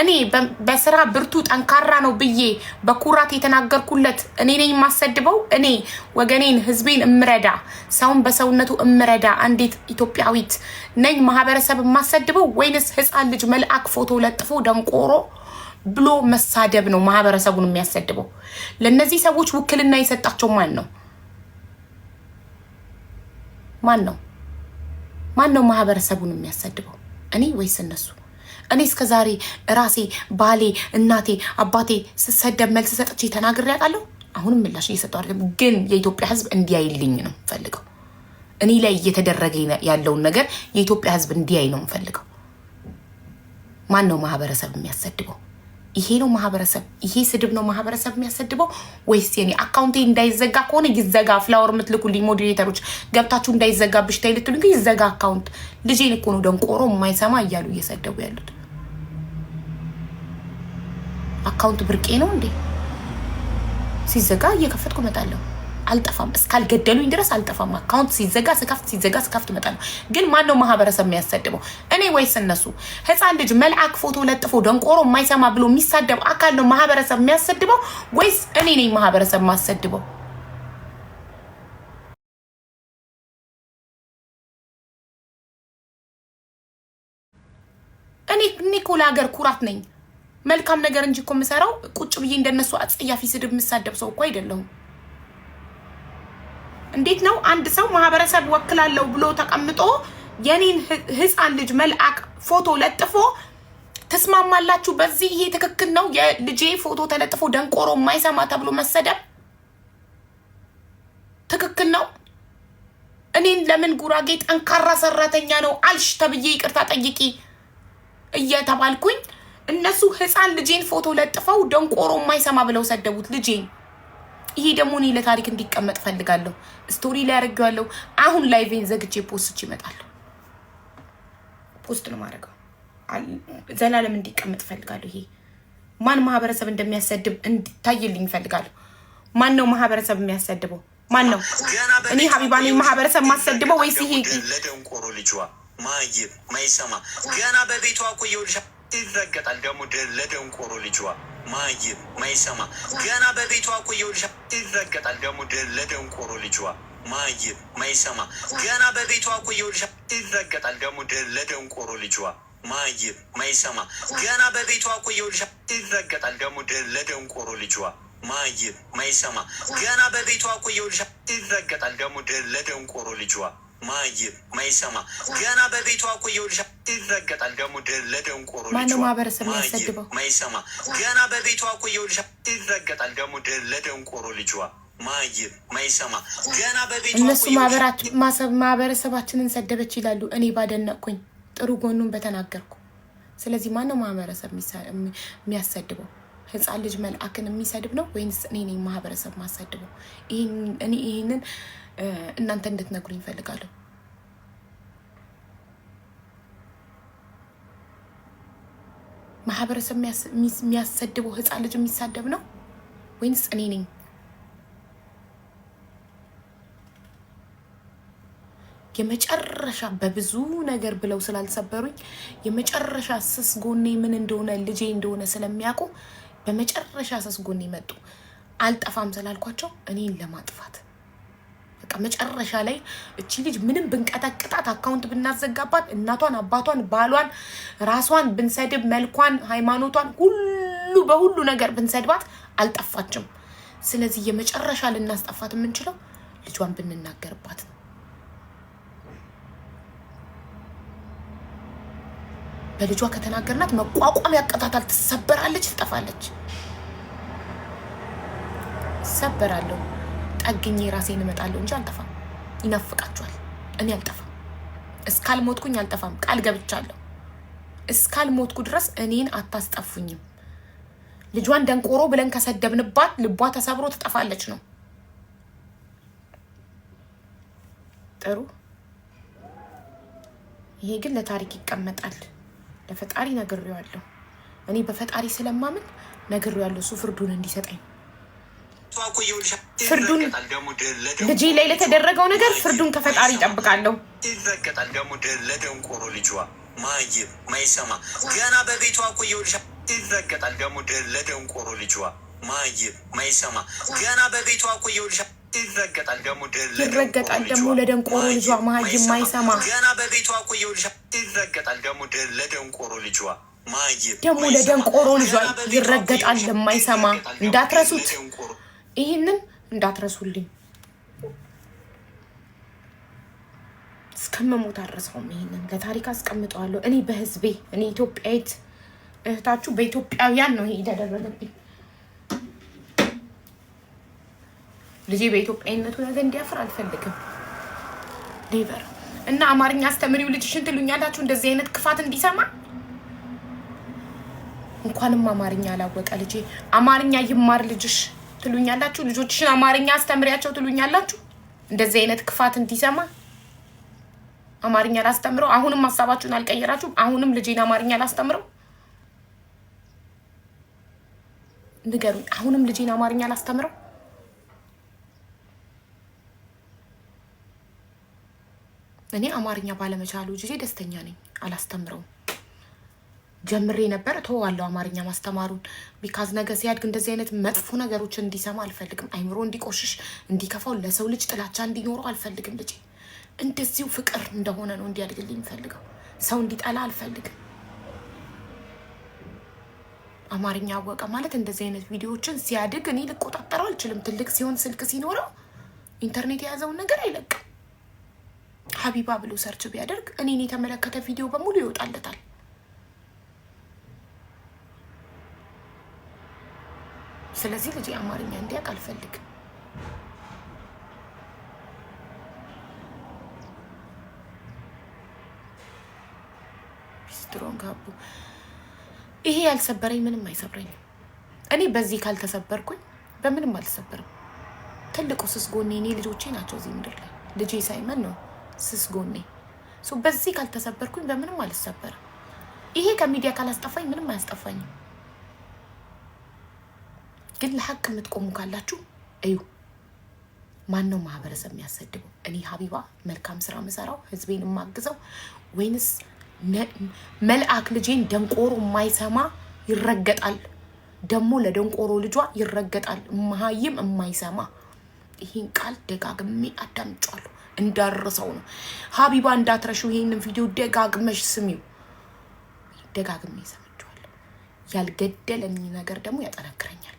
እኔ በስራ ብርቱ ጠንካራ ነው ብዬ በኩራት የተናገርኩለት እኔ ነኝ የማሰድበው። እኔ ወገኔን ህዝቤን እምረዳ ሰውን በሰውነቱ እምረዳ አንዲት ኢትዮጵያዊት ነኝ ማህበረሰብ የማሰድበው ወይንስ ህፃን ልጅ መልአክ ፎቶ ለጥፎ ደንቆሮ ብሎ መሳደብ ነው ማህበረሰቡን የሚያሰድበው? ለእነዚህ ሰዎች ውክልና የሰጣቸው ማን ነው? ማን ነው ማን ነው ማህበረሰቡን የሚያሰድበው? እኔ ወይስ እነሱ? እኔ እስከ ዛሬ ራሴ ባሌ፣ እናቴ፣ አባቴ ስሰደብ መልስ ሰጥቼ ተናግሬ አውቃለሁ። አሁንም ምላሽ እየሰጠ አይደለም፣ ግን የኢትዮጵያ ሕዝብ እንዲያይልኝ ነው ፈልገው። እኔ ላይ እየተደረገ ያለውን ነገር የኢትዮጵያ ሕዝብ እንዲያይ ነው ፈልገው። ማን ነው ማህበረሰብ የሚያሰድበው? ይሄ ነው ማህበረሰብ። ይሄ ስድብ ነው ማህበረሰብ የሚያሰድበው ወይስ የኔ አካውንቴ እንዳይዘጋ ከሆነ ይዘጋ። ፍላወር የምትልኩልኝ ሞዲሬተሮች ገብታችሁ እንዳይዘጋ ብሽታ ይልትሉ ይዘጋ አካውንት። ልጄን እኮ ነው ደንቆሮ የማይሰማ እያሉ እየሰደቡ ያሉት። አካውንት ብርቄ ነው እንዴ? ሲዘጋ እየከፈትኩ እመጣለሁ። አልጠፋም። እስካልገደሉኝ ድረስ አልጠፋም። አካውንት ሲዘጋ ስከፍት፣ ሲዘጋ ስከፍት እመጣለሁ። ግን ማነው ማህበረሰብ የሚያሰድበው? እኔ ወይስ እነሱ? ህፃን ልጅ መልአክ ፎቶ ለጥፎ ደንቆሮ የማይሰማ ብሎ የሚሳደብ አካል ነው ማህበረሰብ የሚያሰድበው ወይስ እኔ ነኝ ማህበረሰብ የማሰድበው? እኔ እኮ ለሀገር ኩራት ነኝ። መልካም ነገር እንጂ እኮ የምሰራው ቁጭ ብዬ እንደነሱ አጸያፊ ስድብ የምሳደብ ሰው እኮ አይደለሁም። እንዴት ነው አንድ ሰው ማህበረሰብ ወክላለሁ ብሎ ተቀምጦ የኔን ህፃን ልጅ መልአክ ፎቶ ለጥፎ ተስማማላችሁ፣ በዚህ ይሄ ትክክል ነው፣ የልጄ ፎቶ ተለጥፎ ደንቆሮ የማይሰማ ተብሎ መሰደብ ትክክል ነው? እኔን ለምን ጉራጌ ጠንካራ ሰራተኛ ነው አልሽ ተብዬ ይቅርታ ጠይቂ እየተባልኩኝ እነሱ ህፃን ልጄን ፎቶ ለጥፈው ደንቆሮ የማይሰማ ብለው ሰደቡት ልጄን። ይሄ ደግሞ እኔ ለታሪክ እንዲቀመጥ ፈልጋለሁ። ስቶሪ ላይ ያደርገዋለሁ። አሁን ላይቬን ዘግቼ ፖስች ይመጣለሁ። ፖስት ነው ማድረገው። ዘላለም እንዲቀመጥ ፈልጋለሁ። ይሄ ማን ማህበረሰብ እንደሚያሰድብ እንዲታይልኝ ፈልጋለሁ። ማን ነው ማህበረሰብ የሚያሰድበው? ማን ነው? እኔ ሀቢባ ማህበረሰብ ማሰድበው ወይስ ይሄ ለደንቆሮ ልጇ ማይሰማ ገና በቤቷ ይረገጣል ደግሞ ለደንቆሮ ልጅዋ ማይም ማይሰማ ገና በቤቷ እኮ ይኸውልሽ፣ ይረገጣል ደግሞ ለደንቆሮ ልጅዋ ማይም ማይሰማ ገና በቤቷ እኮ ይኸውልሽ፣ ይረገጣል ደግሞ ለደንቆሮ ልጅዋ ማይም ማይሰማ ገና በቤቷ እኮ ይኸውልሽ፣ ይረገጣል ደግሞ ለደንቆሮ ልጅዋ ማይም ማይሰማ ገና በቤቷ እኮ ይኸውልሽ፣ ይረገጣል ደግሞ ለደንቆሮ ልጅዋ ማይም ማይሰማ ገና በቤቷ እኮ የውልሻ ይረገጣል። ደግሞ ለደንቆሮ ማነው ማህበረሰብ የሚያሰድበው? ማይሰማ ገና በቤቷ እኮ የውልሻ ይረገጣል። ደግሞ ለደንቆሮ ልጅዋ ማይም ማይሰማ ገና በቤቷ እነሱ ማህበረሰባችንን ሰደበች ይላሉ። እኔ ባደነቅኩኝ ጥሩ ጎኑን በተናገርኩ። ስለዚህ ማነው ማህበረሰብ የሚያሰድበው? ህፃን ልጅ መልአክን የሚሰድብ ነው ወይንስ እኔ ማህበረሰብ ማሰድበው? ይህንን እናንተ እንድትነግሩኝ ይፈልጋለሁ። ማህበረሰብ የሚያሰድበው ህፃን ልጅ የሚሳደብ ነው ወይንስ እኔ ነኝ? የመጨረሻ በብዙ ነገር ብለው ስላልሰበሩኝ የመጨረሻ ስስ ጎኔ ምን እንደሆነ ልጄ እንደሆነ ስለሚያውቁ በመጨረሻ ስስ ጎኔ መጡ። አልጠፋም ስላልኳቸው እኔን ለማጥፋት መጨረሻ ላይ እቺ ልጅ ምንም ብንቀጠቅጣት፣ አካውንት ብናዘጋባት፣ እናቷን፣ አባቷን፣ ባሏን፣ ራሷን ብንሰድብ፣ መልኳን፣ ሃይማኖቷን ሁሉ በሁሉ ነገር ብንሰድባት አልጠፋችም። ስለዚህ የመጨረሻ ልናስጠፋት የምንችለው ልጇን ብንናገርባት ነው። በልጇ ከተናገርናት መቋቋም ያቀጣታል። ትሰበራለች፣ ትጠፋለች። ሰበራለሁ ጠግኜ ራሴን እመጣለሁ እንጂ አልጠፋም። ይናፍቃችኋል። እኔ አልጠፋም፣ እስካልሞትኩኝ አልጠፋም። ቃል ገብቻለሁ። እስካልሞትኩ ድረስ እኔን አታስጠፉኝም። ልጇን ደንቆሮ ብለን ከሰደብንባት ልቧ ተሰብሮ ትጠፋለች ነው። ጥሩ። ይሄ ግን ለታሪክ ይቀመጣል። ለፈጣሪ ነግሬዋለሁ። እኔ በፈጣሪ ስለማምን ነግሬዋለሁ። እሱ ፍርዱን እንዲሰጠኝ ፍርዱን ልጄ ላይ ለተደረገው ነገር ፍርዱን ከፈጣሪ ይጠብቃለሁ። ይረገጣል ደግሞ ለደንቆሮ ልጇ ማይም ማይሰማ ገና በቤቷ እኮ ይኸውልሽ፣ ይረገጣል ደግሞ ለደንቆሮ ልጇ ማይም ማይሰማ ገና በቤቷ እኮ ይኸውልሽ፣ ይረገጣል ደግሞ ይረገጣል ደግሞ ለደንቆሮ ልጇ ማይም ማይሰማ ገና በቤቷ እኮ ይኸውልሽ፣ ይረገጣል ደግሞ ለደንቆሮ ልጇ ማይም ደግሞ ለደንቆሮ ልጇ ይረገጣል ለማይሰማ እንዳትረሱት። ይህንን እንዳትረሱልኝ። እስከመሞት አድረሰውም። ይህንን ለታሪክ አስቀምጠዋለሁ። እኔ በህዝቤ እኔ ኢትዮጵያዊት እህታችሁ በኢትዮጵያውያን ነው ይሄ ተደረገብኝ። ልጄ በኢትዮጵያዊነቱ ነገ እንዲያፍር አልፈልግም። ሌበር እና አማርኛ አስተምሪው ልጅሽን ትሉኛላችሁ። እንደዚህ አይነት ክፋት እንዲሰማ እንኳንም አማርኛ አላወቀ ልጄ አማርኛ ይማር ልጅሽ። ትሉኛላችሁ? ልጆችሽን አማርኛ አስተምሪያቸው ትሉኛላችሁ? እንደዚህ አይነት ክፋት እንዲሰማ አማርኛ ላስተምረው? አሁንም ሀሳባችሁን አልቀየራችሁም? አሁንም ልጄን አማርኛ ላስተምረው? ንገሩኝ። አሁንም ልጄን አማርኛ ላስተምረው? እኔ አማርኛ ባለመቻሉ ጊዜ ደስተኛ ነኝ። አላስተምረውም። ጀምሬ ነበር። ተወዋለሁ አማርኛ ማስተማሩን ቢካዝ ነገ ሲያድግ እንደዚህ አይነት መጥፎ ነገሮች እንዲሰማ አልፈልግም። አይምሮ እንዲቆሽሽ፣ እንዲከፋው፣ ለሰው ልጅ ጥላቻ እንዲኖረው አልፈልግም። ልጄ እንደዚሁ ፍቅር እንደሆነ ነው እንዲያድግልኝ የሚፈልገው ሰው እንዲጠላ አልፈልግም። አማርኛ አወቀ ማለት እንደዚህ አይነት ቪዲዮዎችን ሲያድግ እኔ ልቆጣጠረው አልችልም። ትልቅ ሲሆን ስልክ ሲኖረው ኢንተርኔት የያዘውን ነገር አይለቅም። ሀቢባ ብሎ ሰርች ቢያደርግ እኔን የተመለከተ ቪዲዮ በሙሉ ይወጣለታል። ስለዚህ ልጅ አማርኛ እንዲያውቅ አልፈልግም። ስትሮንግ ይሄ ያልሰበረኝ ምንም አይሰብረኝም። እኔ በዚህ ካልተሰበርኩኝ በምንም አልተሰበርም። ትልቁ ስስ ጎኔ እኔ ልጆቼ ናቸው። እዚህ ምድር ላይ ልጄ ሳይመን ነው ስስ ጎኔ። በዚህ ካልተሰበርኩኝ በምንም አልሰበርም። ይሄ ከሚዲያ ካላስጠፋኝ ምንም አያስጠፋኝም። ግን ለሀቅ የምትቆሙ ካላችሁ እዩ። ማን ነው ማህበረሰብ የሚያሰድበው? እኔ ሀቢባ መልካም ስራ ምሰራው ህዝቤን የማግዘው ወይንስ መልአክ ልጄን ደንቆሮ የማይሰማ ይረገጣል፣ ደግሞ ለደንቆሮ ልጇ ይረገጣል። መሀይም የማይሰማ ይህን ቃል ደጋግሜ አዳምጫለሁ። እንዳረሰው ነው ሀቢባ፣ እንዳትረሹ ይህንን ቪዲዮ ደጋግመሽ ስሚው። ደጋግሜ ሰምቼዋለሁ። ያልገደለኝ ነገር ደግሞ ያጠነክረኛል።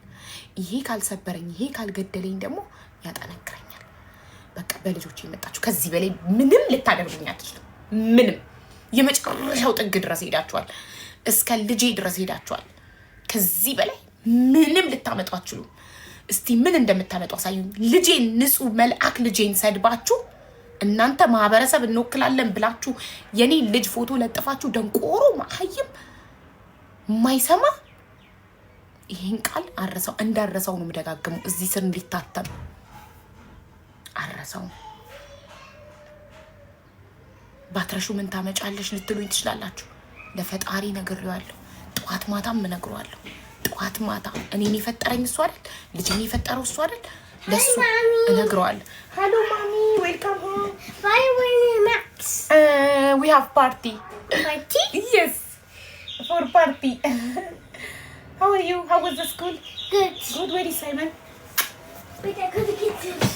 ይሄ ካልሰበረኝ፣ ይሄ ካልገደለኝ ደግሞ ያጠነክረኛል። በቃ በልጆች የመጣችሁ ከዚህ በላይ ምንም ልታደርጉኝ አትችሉም። ምንም የመጨረሻው ጥግ ድረስ ሄዳችኋል። እስከ ልጄ ድረስ ሄዳችኋል። ከዚህ በላይ ምንም ልታመጡ አትችሉም። እስቲ ምን እንደምታመጡ አሳዩኝ። ልጄን ንጹሕ መልአክ ልጄን ሰድባችሁ እናንተ ማህበረሰብ እንወክላለን ብላችሁ የኔ ልጅ ፎቶ ለጥፋችሁ ደንቆሮ ማሀይም ማይሰማ ይህን ቃል አረሰው እንዳረሰው ነው የምደጋግመው። እዚህ ስር እንዲታተም አረሰው። ባትረሹ ምን ታመጫለሽ ልትሉኝ ትችላላችሁ። ለፈጣሪ ነግሬዋለሁ። ጠዋት ማታም እነግረዋለሁ። ጠዋት ማታ እኔን የፈጠረኝ እሱ አይደል? ልጅን የፈጠረው እሱ አይደል? ለሱ እነግረዋለሁ። ሄሎ ማሚ ዌልካም ዊ ፓርቲ ፓርቲ ፎር ፓርቲ How are you? How was the school? Good. Good. Where is Simon? But I couldn't get to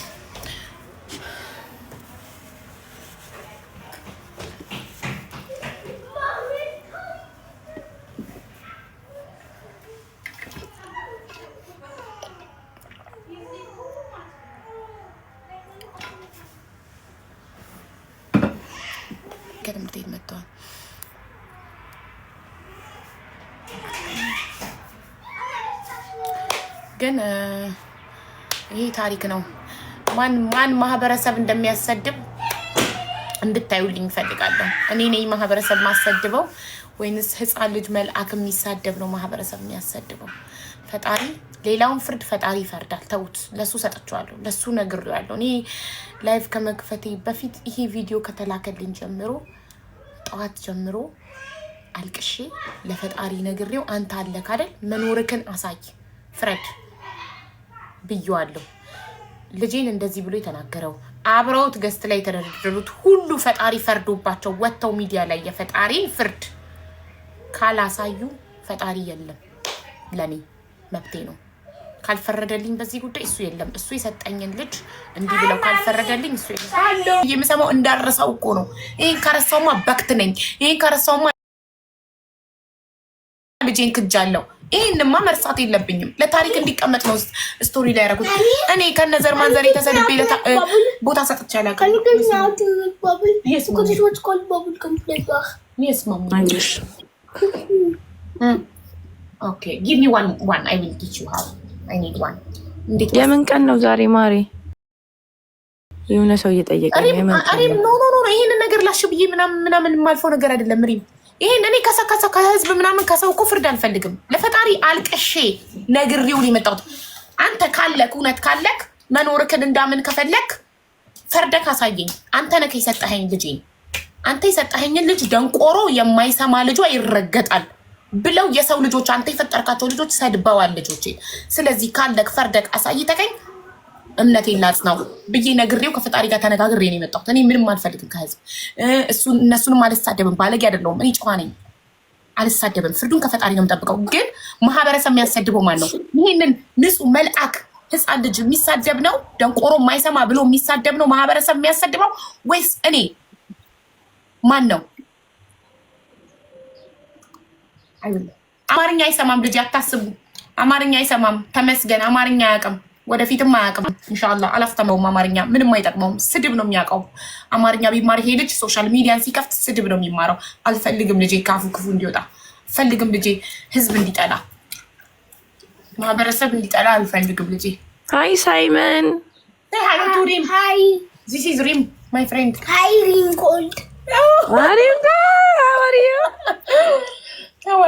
ግን ይሄ ታሪክ ነው። ማን ማን ማህበረሰብ እንደሚያሰድብ እንድታዩልኝ እፈልጋለሁ። እኔ ነኝ ማህበረሰብ ማሰድበው ወይንስ ህፃን ልጅ መልአክ የሚሳደብ ነው ማህበረሰብ የሚያሰድበው? ፈጣሪ ሌላውን ፍርድ ፈጣሪ ይፈርዳል። ተውት፣ ለሱ ሰጥቼዋለሁ፣ ለሱ ነግሬዋለሁ። እኔ ላይቭ ከመክፈቴ በፊት ይሄ ቪዲዮ ከተላከልኝ ጀምሮ ጠዋት ጀምሮ አልቅሼ ለፈጣሪ ነግሬው አንተ አለክ አይደል መኖርክን አሳይ፣ ፍረድ ብየዋለሁ። ልጄን እንደዚህ ብሎ የተናገረው አብረውት ገስት ላይ የተደረደሩት ሁሉ ፈጣሪ ፈርዶባቸው ወጥተው ሚዲያ ላይ የፈጣሪን ፍርድ ካላሳዩ ፈጣሪ የለም። ለኔ መብቴ ነው። ካልፈረደልኝ በዚህ ጉዳይ እሱ የለም። እሱ የሰጠኝን ልጅ እንዲህ ብለው ካልፈረደልኝ እሱ የምሰማው እንዳረሳው እኮ ነው። ይህን ከረሳውማ በክት ነኝ። ይህን ከረሳውማ ልጄን ክጃለው። ይህንማ መርሳት የለብኝም። ለታሪክ እንዲቀመጥ ነው ስቶሪ ላይ ያረኩት። እኔ ከነዘር ማንዘር የተሰድቤ ቦታ ሰጥቼ የምን ቀን ነው ዛሬ ማሬ? የሆነ ሰው እየጠየቀ ነው። ይሄንን ነገር ላሽ ብዬ ምናምን ምናምን የማልፈው ነገር አይደለም ሪም ይሄን እኔ ከሰው ከሰው ከህዝብ ምናምን ከሰው እኮ ፍርድ አልፈልግም። ለፈጣሪ አልቅሼ ነግሬውን የመጣሁት አንተ ካለክ እውነት ካለክ መኖርክን እንዳምን ከፈለክ ፈርደክ አሳየኝ። አንተ ነህ የሰጠኸኝ ልጄን። አንተ የሰጠኸኝን ልጅ ደንቆሮ የማይሰማ ልጇ ይረገጣል ብለው የሰው ልጆች አንተ የፈጠርካቸው ልጆች ሰድበዋል ልጆቼ። ስለዚህ ካለክ ፈርደክ አሳይተቀኝ። እምነቴ ላጽናው ብዬ ነግሬው ከፈጣሪ ጋር ተነጋግሬ ነው የመጣሁት። እኔ ምንም አልፈልግም ከህዝብ እነሱንም አልሳደብም። ባለጌ አይደለሁም። እኔ ጨዋ ነኝ፣ አልሳደብም። ፍርዱን ከፈጣሪ ነው የምጠብቀው። ግን ማህበረሰብ የሚያሳድበው ማን ነው? ይህንን ንጹህ መልአክ ህፃን ልጅ የሚሳደብ ነው ደንቆሮ የማይሰማ ብሎ የሚሳደብ ነው ማህበረሰብ የሚያሳድበው ወይስ እኔ ማን ነው? አማርኛ አይሰማም ልጅ አታስቡ። አማርኛ አይሰማም ተመስገን። አማርኛ አያውቅም። ወደፊትም አያውቅም። እንሻላ አላፍተመውም። አማርኛ ምንም አይጠቅመውም። ስድብ ነው የሚያውቀው። አማርኛ ቢማር ይሄ ልጅ ሶሻል ሚዲያን ሲከፍት ስድብ ነው የሚማረው። አልፈልግም ልጄ ካፉ ክፉ እንዲወጣ አልፈልግም። ልጄ ህዝብ እንዲጠላ ማህበረሰብ እንዲጠላ አልፈልግም ልጄ። ሀይ ሳይመን ሪም ማይ ፍሬንድ ሀይ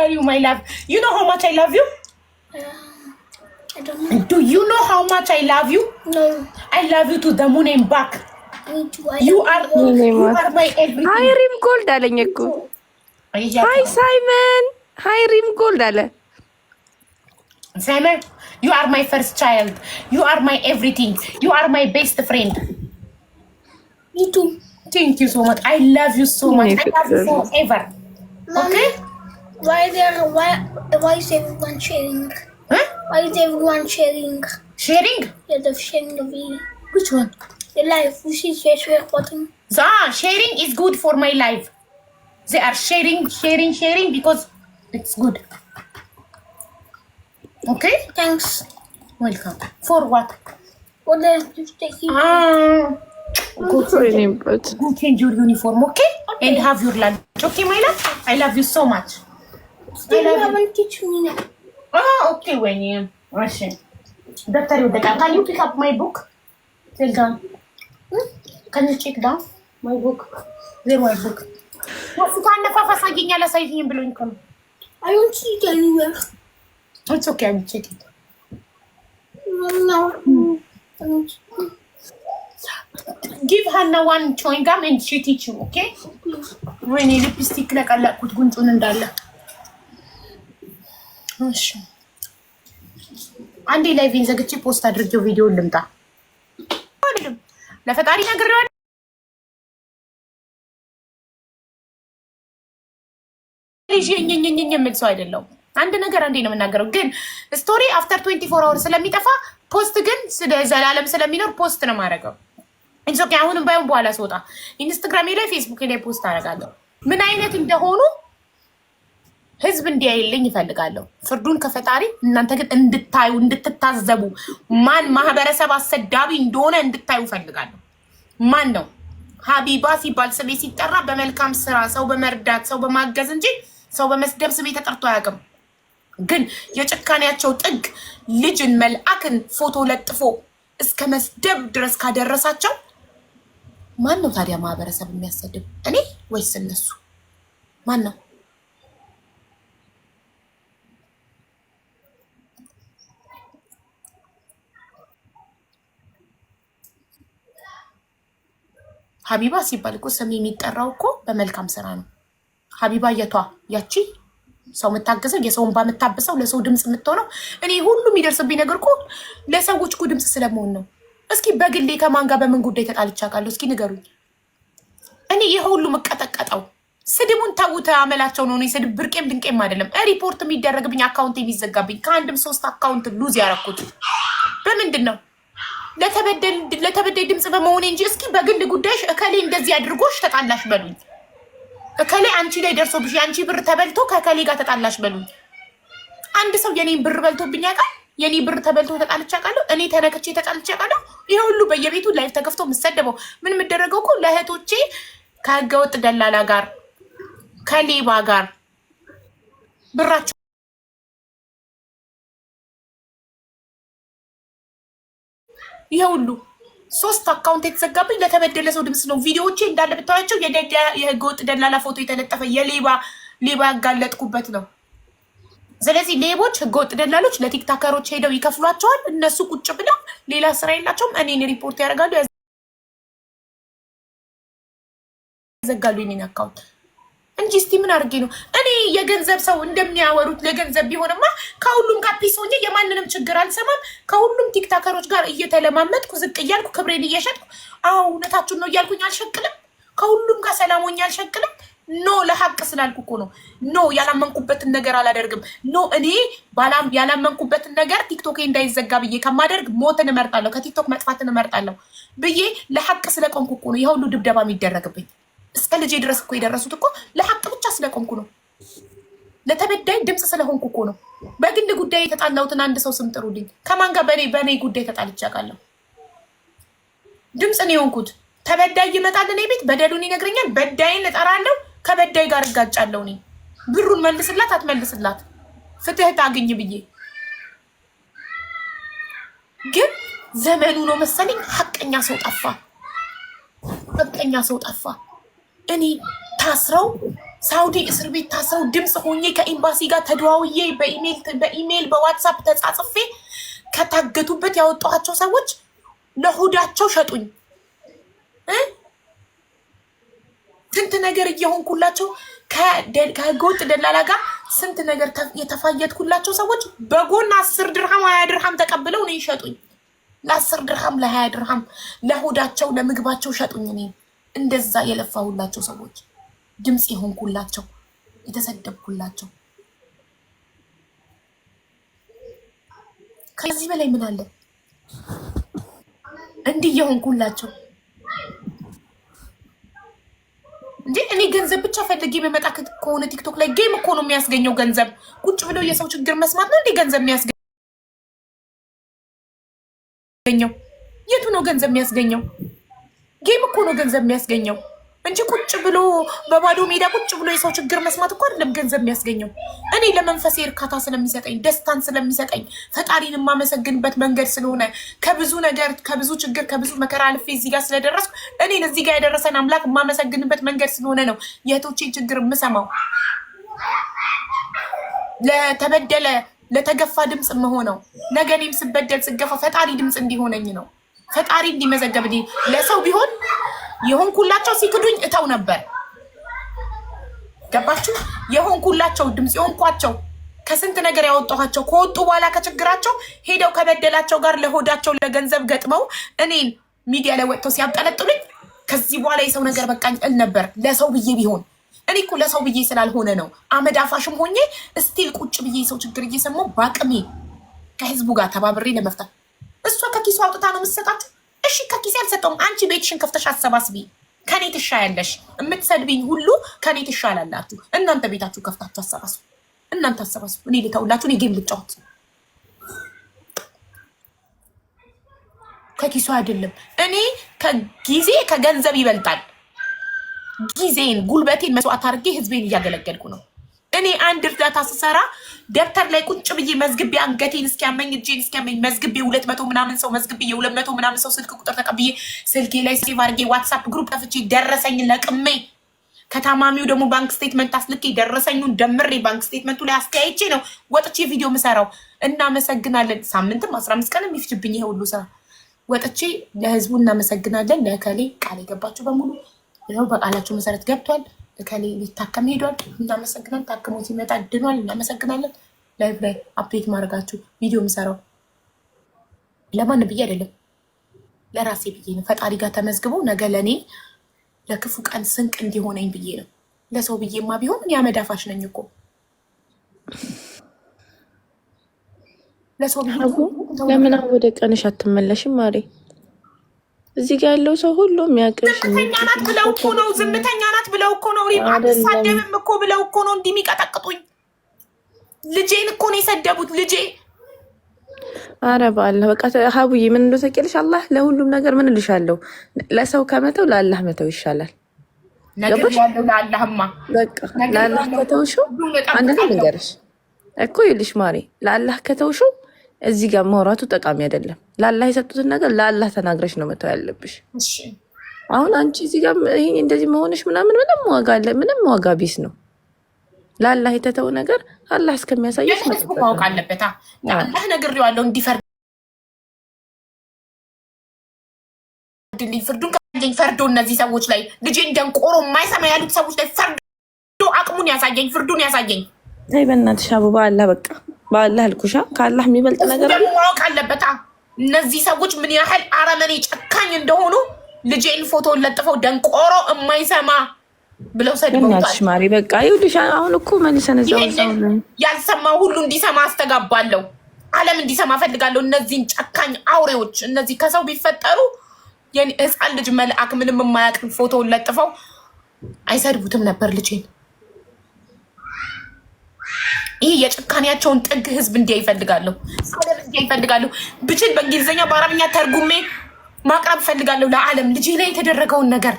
ሪ ማይ ላቭ ዩ ኖ ሆ ማች አይ ላቭ ዩ Do you know how much I love you? No. I love you to the moon and back. You are, you are my everything. Hi, Rim Gold አለኝ Hi, Simon. Hi, Rim Gold አለ። Simon, you are my first child. You are my everything. You are my best friend. Me too. Thank you so much. I love you so much. I love you forever. Mommy, okay? Why there? Why why is everyone cheering? Why is everyone sharing? Sharing? Yeah, they're sharing the video. Which one? The life. This is share recording. Ah, sharing is good for my life. They are sharing, sharing, sharing because it's good. Okay? Thanks. Welcome. For what? What else do you take? Ah, go really but Go change your uniform, okay? okay? And have your lunch, okay, my love? I love you so much. Still, you haven't teach me now. ኦኬ ወይኔ እሺ ደብተር ይወደቃል። ካን ዩ ፒክ አፕ ማይ ቡክ ቴል ዳውን ቼክ ዳውን ማይ ቡክ ዜር ማይ ቡክ ወስታ አነፋፋስ አገኛ ላሳይኝ ብሎኝ እኮ ነው። አይ ወንቺ ይገኙ ኢትስ ኦኬ አይ ቼክ ኢት ጊቭ ሀና ዋን ቾይንጋም ኤንድ ሺ ቲች ዩ ኦኬ ወይኔ ሊፕስቲክ ለቀለቅኩት ጉንጩን እንዳለ አንዴ ቪን ዘግቼ ፖስት አድርጌው ቪዲዮ ልምጣ። አይደለም ለፈጣሪ ነግሬዋለሁ። የምል ሰው አይደለሁም። አንድ ነገር አንዴ ነው የምናገረው። ግን ስቶሪ አፍተር 24 አወር ስለሚጠፋ ፖስት ግን ዘላለም ስለሚኖር ፖስት ነው የማደርገው። እንሶ ኦኬ። አሁንም ባይሆን በኋላ ስወጣ ኢንስታግራሜ ላይ ፌስቡክ ላይ ፖስት አደርጋለሁ ምን አይነት እንደሆኑ ህዝብ እንዲያይልኝ ይፈልጋለሁ። ፍርዱን ከፈጣሪ እናንተ ግን እንድታዩ እንድትታዘቡ፣ ማን ማህበረሰብ አሰዳቢ እንደሆነ እንድታዩ ይፈልጋለሁ። ማን ነው ሀቢባ ሲባል ስሜ ሲጠራ በመልካም ስራ ሰው በመርዳት ሰው በማገዝ እንጂ ሰው በመስደብ ስሜ ተጠርቶ አያውቅም። ግን የጭካኔያቸው ጥግ ልጅን መልአክን ፎቶ ለጥፎ እስከ መስደብ ድረስ ካደረሳቸው ማን ነው ታዲያ ማህበረሰብ የሚያሰድብ? እኔ ወይስ እነሱ? ማን ነው? ሀቢባ ሲባል እኮ ስም የሚጠራው እኮ በመልካም ስራ ነው። ሀቢባ የቷ ያቺ ሰው የምታገዘው የሰውን ባምታብሰው ለሰው ድምፅ የምትሆነው እኔ ሁሉ የሚደርስብኝ ነገር እኮ ለሰዎች እኮ ድምፅ ስለመሆን ነው። እስኪ በግሌ ከማን ጋር በምን ጉዳይ ተጣልቼ አውቃለሁ? እስኪ ንገሩኝ። እኔ ይህ ሁሉ መቀጠቀጠው ስድቡን ተውት፣ አመላቸው ነው። ስድብ ብርቄም ድንቄም አይደለም። ሪፖርት የሚደረግብኝ አካውንት የሚዘጋብኝ ከአንድም ሶስት አካውንት ሉዝ ያረኩት በምንድን ነው? ለተበደይ ድምፅ በመሆኔ እንጂ እስኪ በግል ጉዳይሽ እከሌ እንደዚህ አድርጎሽ ተጣላሽ በሉኝ። እከሌ አንቺ ላይ ደርሶብሽ የአንቺ ብር ተበልቶ ከእከሌ ጋር ተጣላሽ በሉኝ። አንድ ሰው የኔን ብር በልቶብኝ ያውቃል? የኔ ብር ተበልቶ ተጣልቼ አውቃለሁ? እኔ ተነክቼ ተጣልቼ አውቃለሁ? ይሄ ሁሉ በየቤቱ ላይፍ ተከፍቶ የምሰደበው ምን የምደረገው እኮ ለእህቶቼ ከህገወጥ ደላላ ጋር ከሌባ ጋር ብራቸው ይሄ ሁሉ ሶስት አካውንት የተዘጋብኝ ለተበደለ ሰው ድምፅ ነው። ቪዲዮዎቼ እንዳለ ብታያቸው የህገወጥ ደላላ ፎቶ የተለጠፈ የሌባ ሌባ ያጋለጥኩበት ነው። ስለዚህ ሌቦች፣ ህገወጥ ደላሎች ለቲክታከሮች ሄደው ይከፍሏቸዋል። እነሱ ቁጭ ብለው ሌላ ስራ የላቸውም። እኔን ሪፖርት ያደርጋሉ፣ ያዘጋሉ የኔን አካውንት እንጂ እስቲ ምን አድርጌ ነው እኔ የገንዘብ ሰው እንደሚያወሩት ለገንዘብ ቢሆንማ ከሁሉም ጋር ፒስ ሆኜ የማንንም ችግር አልሰማም። ከሁሉም ቲክታከሮች ጋር እየተለማመጥኩ ዝቅ እያልኩ ክብሬን እየሸጥኩ አዎ እውነታችሁን ነው እያልኩኝ አልሸቅልም። ከሁሉም ጋር ሰላም ሆኜ አልሸቅልም። ኖ ለሀቅ ስላልኩ እኮ ነው። ኖ ያላመንኩበትን ነገር አላደርግም። ኖ እኔ ያላመንኩበትን ነገር ቲክቶኬ እንዳይዘጋ ብዬ ከማደርግ ሞትን እመርጣለሁ፣ ከቲክቶክ መጥፋትን እመርጣለሁ ብዬ ለሀቅ ስለቆምኩ እኮ ነው የሁሉ ድብደባ የሚደረግብኝ። እስከ ልጄ ድረስ እኮ የደረሱት እኮ ለሀቅ ብቻ ስለቆምኩ ነው። ለተበዳይ ድምፅ ስለሆንኩ እኮ ነው። በግል ጉዳይ የተጣላሁትን አንድ ሰው ስም ጥሩልኝ። ከማን ጋር በኔ በእኔ ጉዳይ ተጣልቼ አውቃለሁ? ድምፅ ነው የሆንኩት። ተበዳይ ይመጣል እኔ ቤት በደሉን ይነግረኛል። በዳይን እጠራለሁ። ከበዳይ ጋር እጋጫለሁ። እኔ ብሩን መልስላት አትመልስላት ፍትህ ታግኝ ብዬ ግን ዘመኑ ነው መሰለኝ ሀቀኛ ሰው ጠፋ። ሀቀኛ ሰው ጠፋ። እኔ ታስረው ሳውዲ እስር ቤት ታስረው ድምፅ ሆኜ ከኤምባሲ ጋር ተደዋውዬ በኢሜይል በዋትሳፕ ተጻጽፌ ከታገቱበት ያወጣኋቸው ሰዎች ለሆዳቸው ሸጡኝ። ስንት ነገር እየሆንኩላቸው ከህገወጥ ደላላ ጋር ስንት ነገር የተፋየትኩላቸው ሰዎች በጎን አስር ድርሃም ሀያ ድርሃም ተቀብለው ነው ይሸጡኝ። ለአስር ድርሃም ለሀያ ድርሃም ለሆዳቸው ለምግባቸው ሸጡኝ። እኔ እንደዛ የለፋሁላቸው ሰዎች ድምፅ የሆንኩላቸው የተሰደብኩላቸው። ከዚህ በላይ ምን አለ? እንዲህ የሆንኩላቸው እንዴ! እኔ ገንዘብ ብቻ ፈልጌ በመጣ ከሆነ ቲክቶክ ላይ ጌም እኮ ነው የሚያስገኘው ገንዘብ። ቁጭ ብለው የሰው ችግር መስማት ነው እንዲህ ገንዘብ የሚያስገኘው? የቱ ነው ገንዘብ የሚያስገኘው? ጌም እኮ ነው ገንዘብ የሚያስገኘው። እንጂ ቁጭ ብሎ በባዶ ሜዳ ቁጭ ብሎ የሰው ችግር መስማት እኮ አይደለም ገንዘብ የሚያስገኘው። እኔ ለመንፈሴ እርካታ ስለሚሰጠኝ፣ ደስታን ስለሚሰጠኝ፣ ፈጣሪን የማመሰግንበት መንገድ ስለሆነ ከብዙ ነገር ከብዙ ችግር ከብዙ መከራ አልፌ እዚህ ጋር ስለደረስኩ እኔን እዚህ ጋር የደረሰን አምላክ የማመሰግንበት መንገድ ስለሆነ ነው የእህቶቼን ችግር የምሰማው። ለተበደለ ለተገፋ ድምፅ የምሆነው ነገ እኔም ስበደል ስገፋ ፈጣሪ ድምፅ እንዲሆነኝ ነው። ፈጣሪ እንዲመዘገብ ለሰው ቢሆን የሆንኩላቸው ሲክዱኝ እተው ነበር። ገባችሁ? የሆንኩላቸው ድምፅ የሆንኳቸው ከስንት ነገር ያወጣኋቸው ከወጡ በኋላ ከችግራቸው ሄደው ከበደላቸው ጋር ለሆዳቸው ለገንዘብ ገጥመው እኔን ሚዲያ ላይ ወጥተው ሲያብጠለጥሉኝ ከዚህ በኋላ የሰው ነገር በቃኝ እል ነበር። ለሰው ብዬ ቢሆን እኔ እኮ ለሰው ብዬ ስላልሆነ ነው አመድ አፋሽም ሆኜ እስቲል ቁጭ ብዬ የሰው ችግር እየሰማሁ በአቅሜ ከህዝቡ ጋር ተባብሬ ለመፍታት እሷ ከኪሷ አውጥታ ነው የምትሰጣቸው። እሺ ከኪሴ አልሰጠውም። አንቺ ቤትሽን ከፍተሽ አሰባስቢ። ከኔ ትሻያለሽ። የምትሰድብኝ ሁሉ ከኔ ትሻላላችሁ። እናንተ ቤታችሁ ከፍታችሁ አሰባስቡ። እናንተ አሰባስቡ። እኔ ልተውላችሁ። እኔ ጌም ልጫወት። ከኪሱ አይደለም። እኔ ከጊዜ ከገንዘብ ይበልጣል። ጊዜን ጉልበቴን መስዋዕት አድርጌ ህዝቤን እያገለገልኩ ነው። እኔ አንድ እርዳታ ስሰራ ደብተር ላይ ቁጭ ብዬ መዝግቤ አንገቴን እስኪያመኝ እጄን እስኪያመኝ መዝግቤ ሁለት መቶ ምናምን ሰው መዝግቤ የሁለት መቶ ምናምን ሰው ስልክ ቁጥር ተቀብዬ ስልኬ ላይ ሴቭ አድርጌ ዋትሳፕ ግሩፕ ከፍቼ ደረሰኝ ለቅሜ ከታማሚው ደግሞ ባንክ ስቴትመንት አስልኬ ደረሰኙን ደምሬ ባንክ ስቴትመንቱ ላይ አስተያይቼ ነው ወጥቼ ቪዲዮ ምሰራው። እናመሰግናለን። ሳምንትም አስራ አምስት ቀን የሚፍጅብኝ ይሄ ሁሉ ስራ ወጥቼ ለህዝቡ እናመሰግናለን ለከሌ ቃል የገባችሁ በሙሉ ይኸው በቃላችሁ መሰረት ገብቷል። እከሌ ሊታከም ሄዷል፣ እናመሰግናል። ታክሞ ሲመጣ ድኗል፣ እናመሰግናለን። ላይፍ ላይ አፕዴት ማድረጋችሁ ቪዲዮ ምሰራው ለማን ብዬ አይደለም፣ ለራሴ ብዬ ነው። ፈጣሪ ጋር ተመዝግቦ ነገ ለእኔ ለክፉ ቀን ስንቅ እንዲሆነኝ ብዬ ነው። ለሰው ብዬማ ቢሆን እኔ አመዳፋሽ ነኝ እኮ ለሰው ለምን ወደ ቀንሽ አትመለሽም ማሬ? እዚህ ጋ ያለው ሰው ሁሉ የሚያቅሽ ዝምተኛ ናት ብለው እኮ ነው። ዝምተኛ ናት ብለው እኮ ነው። እኮ ብለው እኮ ነው እንዲህ የሚቀጠቅጡኝ። ልጄን እኮ ነው የሰደቡት። ልጄ አረ በአላህ በቃ ሀቡዬ፣ ምን እንደ ተቀልሽ አላህ ለሁሉም ነገር ምን እልሻለሁ። ለሰው ከመተው ለአላህ መተው ይሻላል። ለአላህማ ለአላህ ከተውሽው አንድ ነገርሽ እኮ ይልሽ ማሬ፣ ለአላህ ከተውሽው እዚህ ጋር መውራቱ ጠቃሚ አይደለም። ለአላህ የሰጡትን ነገር ለአላህ ተናግረሽ ነው መተው ያለብሽ። አሁን አንቺ እዚህ ጋር እንደዚህ መሆንሽ ምናምን ምንም ዋጋ አለ ምንም ዋጋ ቢስ ነው። ለአላህ የተተው ነገር አላህ እስከሚያሳየሽ ማወቅ አለበት። አላህ ነግሬዋለሁ እንዲፈርድልኝ ፍርዱን ካገኝ ፈርዶ እነዚህ ሰዎች ላይ ልጄን ደንቆሮ የማይሰማ ያሉት ሰዎች ላይ ፈርዶ አቅሙን ያሳየኝ፣ ፍርዱን ያሳየኝ። አይ በእናትሽ አበባ አላህ በቃ በአላህ አልኩሻ ከአላህ የሚበልጥ ነገር ማወቅ አለበት። እነዚህ ሰዎች ምን ያህል አረመኔ ጨካኝ እንደሆኑ ልጄን ፎቶ ለጥፈው ደንቆሮ የማይሰማ ብለው ሰድበውታል። ማሪ በቃ ይኸውልሽ፣ አሁን እኮ መልሰን እዛው ያልሰማው ሁሉ እንዲሰማ አስተጋባለሁ። ዓለም እንዲሰማ ፈልጋለሁ። እነዚህን ጨካኝ አውሬዎች እነዚህ ከሰው ቢፈጠሩ የህፃን ልጅ መልአክ ምንም የማያውቅን ፎቶውን ለጥፈው አይሰድቡትም ነበር ልጄን ይሄ የጭካኔያቸውን ጥግ ህዝብ እንዲያ ይፈልጋለሁ፣ ዓለም እንዲያ ይፈልጋለሁ። ብችል በእንግሊዝኛ በአረብኛ ተርጉሜ ማቅረብ እፈልጋለሁ ለዓለም ልጄ ላይ የተደረገውን ነገር።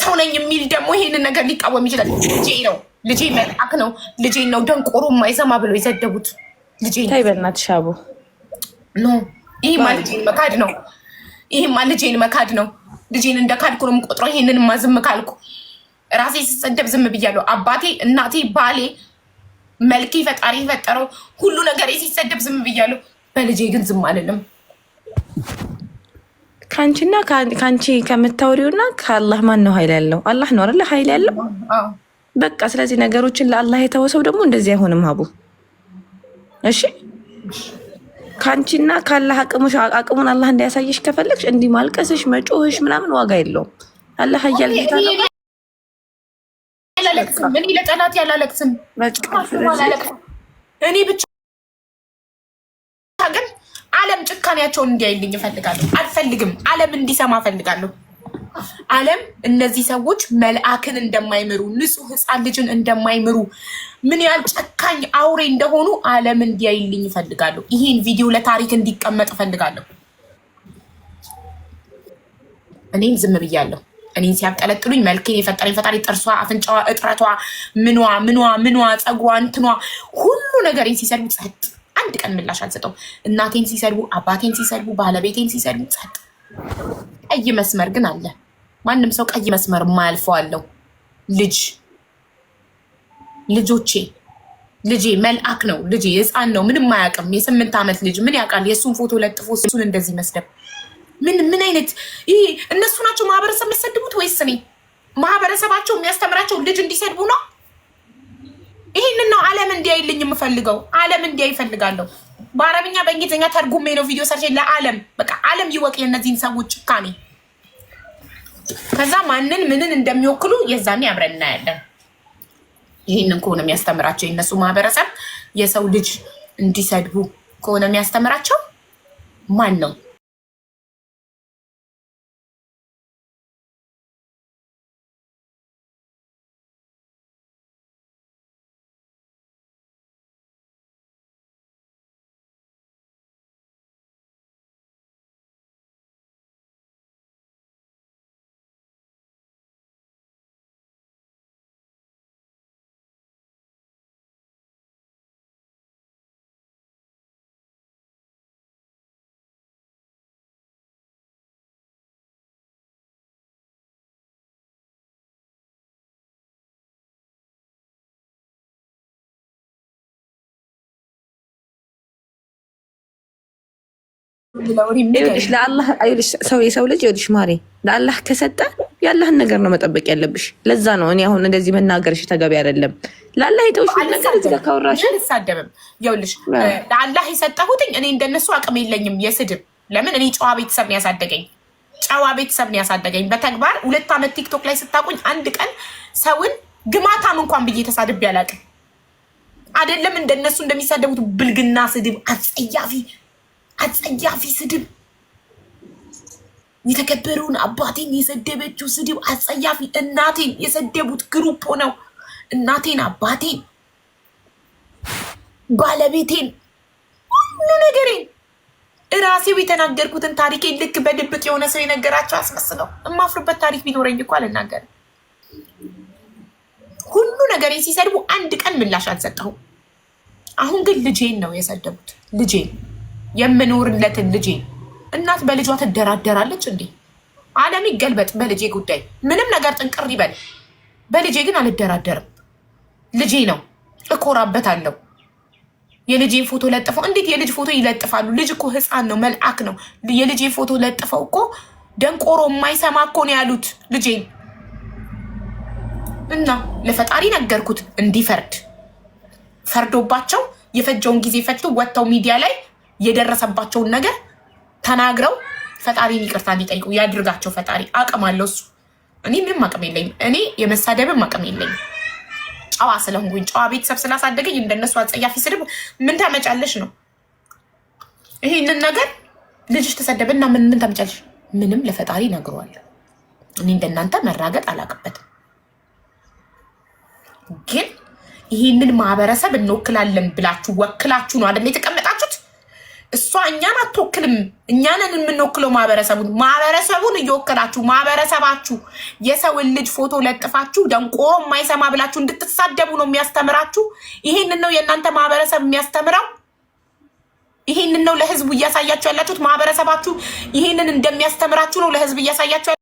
ሰው ነኝ የሚል ደግሞ ይሄንን ነገር ሊቃወም ይችላል። ልጄ ነው፣ ልጄ መልአክ ነው፣ ልጄ ነው ደንቆሮ ማይዘማ ብለው የዘደቡት ልጄ ነው። ተይ በእናትሽ አቦ ኖ፣ ይሄማ ልጄን መካድ ነው። ይህማ ልጄን መካድ ነው። ልጄን እንደ ካድኩ ነው የምቆጥረው ይህንን ማዝም ካልኩ ራሴ ስሰደብ ዝም ብያለሁ። አባቴ፣ እናቴ፣ ባሌ፣ መልኬ ፈጣሪ የፈጠረው ሁሉ ነገር ሲሰደብ ዝም ብያለሁ። በልጄ ግን ዝም አልልም። ከአንቺና ከአንቺ ከምታወሪውና ከአላህ ማን ነው ኃይል ያለው? አላህ ነው አይደለ ኃይል ያለው። በቃ ስለዚህ ነገሮችን ለአላህ የተወሰው ደግሞ እንደዚህ አይሆንም። ሀቡ እሺ፣ ከአንቺና ከአላህ አቅሙን አላህ እንዳያሳየሽ ከፈለግሽ እንዲህ ማልቀስሽ መጮህሽ ምናምን ዋጋ የለውም። አላህ ኃያል ጌታ ነው። አላለቅስም። እኔ ለጠላት ያላለቅስም እኔ ብቻ ግን ዓለም ጭካኔያቸውን እንዲያይልኝ እፈልጋለሁ። አልፈልግም። ዓለም እንዲሰማ እፈልጋለሁ። ዓለም እነዚህ ሰዎች መልአክን እንደማይምሩ ንጹሕ ሕፃን ልጅን እንደማይምሩ ምን ያህል ጨካኝ አውሬ እንደሆኑ ዓለም እንዲያይልኝ እፈልጋለሁ። ይሄን ቪዲዮ ለታሪክ እንዲቀመጥ እፈልጋለሁ። እኔም ዝም ብያለሁ። እኔን ሲያብጠለጥሉኝ መልኬን የፈጠረኝ ፈጣሪ ጥርሷ፣ አፍንጫዋ፣ እጥረቷ፣ ምኗ ምኗ ምኗ፣ ፀጉሯ፣ እንትኗ ሁሉ ነገሬን ሲሰድቡ ጸጥ። አንድ ቀን ምላሽ አልሰጠው። እናቴን ሲሰድቡ፣ አባቴን ሲሰድቡ፣ ባለቤቴን ሲሰድቡ ጸጥ። ቀይ መስመር ግን አለ። ማንም ሰው ቀይ መስመር የማያልፈው አለው። ልጅ ልጆቼ ልጄ መልአክ ነው። ልጄ ህፃን ነው። ምንም አያውቅም። የስምንት ዓመት ልጅ ምን ያውቃል? የእሱን ፎቶ ለጥፎ እሱን እንደዚህ መስደብ ምን ምን አይነት ይህ እነሱ ናቸው ማህበረሰብ የሚሰድቡት ወይስ እኔ? ማህበረሰባቸው የሚያስተምራቸው ልጅ እንዲሰድቡ ነው። ይህንን ነው አለም እንዲያይልኝ የምፈልገው። አለም እንዲያይ ይፈልጋለሁ። በአረብኛ በእንግሊዝኛ ተርጉሜ ነው ቪዲዮ ሰርቼ ለአለም በቃ አለም ይወቅ የእነዚህን ሰዎች ጭካኔ። ከዛ ማንን ምንን እንደሚወክሉ የዛኔ አብረን እናያለን። ይህንን ከሆነ የሚያስተምራቸው የእነሱ ማህበረሰብ የሰው ልጅ እንዲሰድቡ ከሆነ የሚያስተምራቸው ማን ነው? ለአላህ ሰው የሰው ልጅ ይኸውልሽ ማሬ ለአላህ ከሰጠ ያላህን ነገር ነው መጠበቅ ያለብሽ። ለዛ ነው እኔ አሁን እንደዚህ መናገርሽ ተገቢ አይደለም። ለአላህ የተውሽ ነገር እዚህ ካወራሽ ሳደብም ይኸውልሽ ለአላህ የሰጠሁትኝ እኔ እንደነሱ አቅም የለኝም የስድብ ለምን እኔ ጨዋ ቤተሰብ ነው ያሳደገኝ። ጨዋ ቤተሰብ ነው ያሳደገኝ። በተግባር ሁለት ዓመት ቲክቶክ ላይ ስታቁኝ አንድ ቀን ሰውን ግማታም እንኳን ብዬ ተሳድቤ አላውቅም። አይደለም እንደነሱ እንደሚሳደቡት ብልግና ስድብ አጸያፊ አጸያፊ ስድብ የተከበረውን አባቴን የሰደበችው ስድብ አጸያፊ። እናቴን የሰደቡት ግሩፕ ሆነው እናቴን፣ አባቴን፣ ባለቤቴን፣ ሁሉ ነገሬን እራሴው የተናገርኩትን ታሪኬን ልክ በድብቅ የሆነ ሰው የነገራቸው አስመስለው እማፍርበት ታሪክ ቢኖረኝ እኮ አልናገር ሁሉ ነገሬን ሲሰድቡ አንድ ቀን ምላሽ አልሰጠሁም። አሁን ግን ልጄን ነው የሰደቡት ልጄን የምኖርለትን ልጄ እናት በልጇ ትደራደራለች እንዴ? ዓለም ይገልበጥ። በልጄ ጉዳይ ምንም ነገር ጥንቅር ይበል። በልጄ ግን አልደራደርም። ልጄ ነው፣ እኮራበታለሁ። የልጄን ፎቶ ለጥፈው እንዴት የልጅ ፎቶ ይለጥፋሉ? ልጅ እኮ ሕፃን ነው፣ መልአክ ነው። የልጄን ፎቶ ለጥፈው እኮ ደንቆሮ የማይሰማ እኮ ነው ያሉት ልጄን እና ለፈጣሪ ነገርኩት እንዲፈርድ ፈርዶባቸው የፈጀውን ጊዜ ፈጅቶ ወጥተው ሚዲያ ላይ የደረሰባቸውን ነገር ተናግረው ፈጣሪን ይቅርታ እንዲጠይቁ ያድርጋቸው። ፈጣሪ አቅም አለው እሱ። እኔ ምንም አቅም የለኝም። እኔ የመሳደብም አቅም የለኝም። ጨዋ ስለሆንኩኝ ጨዋ ቤተሰብ ስላሳደገኝ እንደነሱ አፀያፊ ስድብ ምን ታመጫለሽ ነው። ይህንን ነገር ልጅሽ ተሰደበና ምን ምን ታመጫለሽ? ምንም ለፈጣሪ ነግሯል። እኔ እንደናንተ መራገጥ አላቅበትም። ግን ይህንን ማህበረሰብ እንወክላለን ብላችሁ ወክላችሁ ነው አደ እሷ እኛን አትወክልም። እኛንን የምንወክለው ማህበረሰቡን። ማህበረሰቡን እየወከላችሁ ማህበረሰባችሁ የሰውን ልጅ ፎቶ ለጥፋችሁ ደንቆሮ የማይሰማ ብላችሁ እንድትሳደቡ ነው የሚያስተምራችሁ። ይህንን ነው የእናንተ ማህበረሰብ የሚያስተምረው። ይህንን ነው ለህዝቡ እያሳያችሁ ያላችሁት። ማህበረሰባችሁ ይህንን እንደሚያስተምራችሁ ነው ለህዝብ እያሳያችሁ